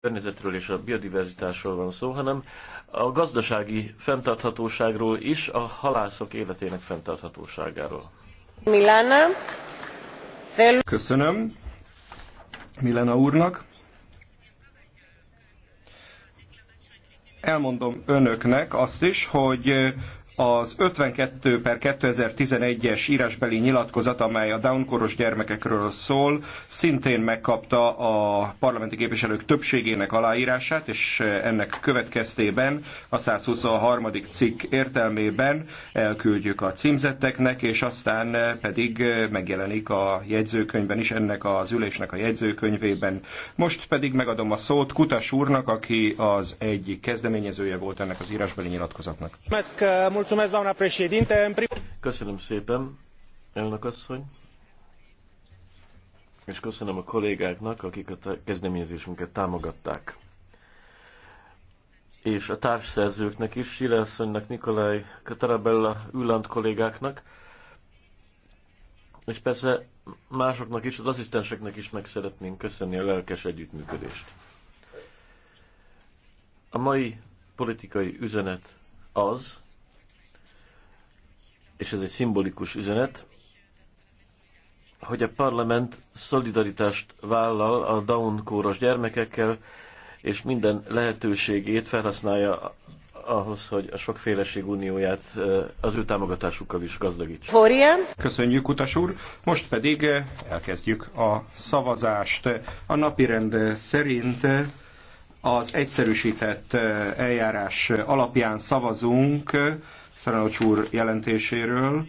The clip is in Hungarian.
környezetről és a biodiverzitásról van szó, hanem a gazdasági fenntarthatóságról is, a halászok életének fenntarthatóságáról. Milana. Fel... Köszönöm Milena úrnak. Elmondom önöknek azt is, hogy az 52 per 2011-es írásbeli nyilatkozat, amely a downkoros gyermekekről szól, szintén megkapta a parlamenti képviselők többségének aláírását, és ennek következtében a 123. cikk értelmében elküldjük a címzetteknek, és aztán pedig megjelenik a jegyzőkönyvben is, ennek az ülésnek a jegyzőkönyvében. Most pedig megadom a szót Kutas úrnak, aki az egyik kezdeményezője volt ennek az írásbeli nyilatkozatnak. Meszke, Köszönöm szépen, elnök asszony, és köszönöm a kollégáknak, akik a kezdeményezésünket támogatták. És a társszerzőknek is, asszonynak, Nikolaj Katarabella, Ülland kollégáknak, és persze másoknak is, az asszisztenseknek is meg szeretnénk köszönni a lelkes együttműködést. A mai politikai üzenet az, és ez egy szimbolikus üzenet, hogy a parlament szolidaritást vállal a Down kóros gyermekekkel, és minden lehetőségét felhasználja ahhoz, hogy a sokféleség unióját eh, az ő támogatásukkal is gazdagítsa. Fórián. Köszönjük, utas úr. Most pedig eh, elkezdjük a szavazást. A napirend szerint eh, az egyszerűsített eljárás alapján szavazunk Szaranocs úr jelentéséről.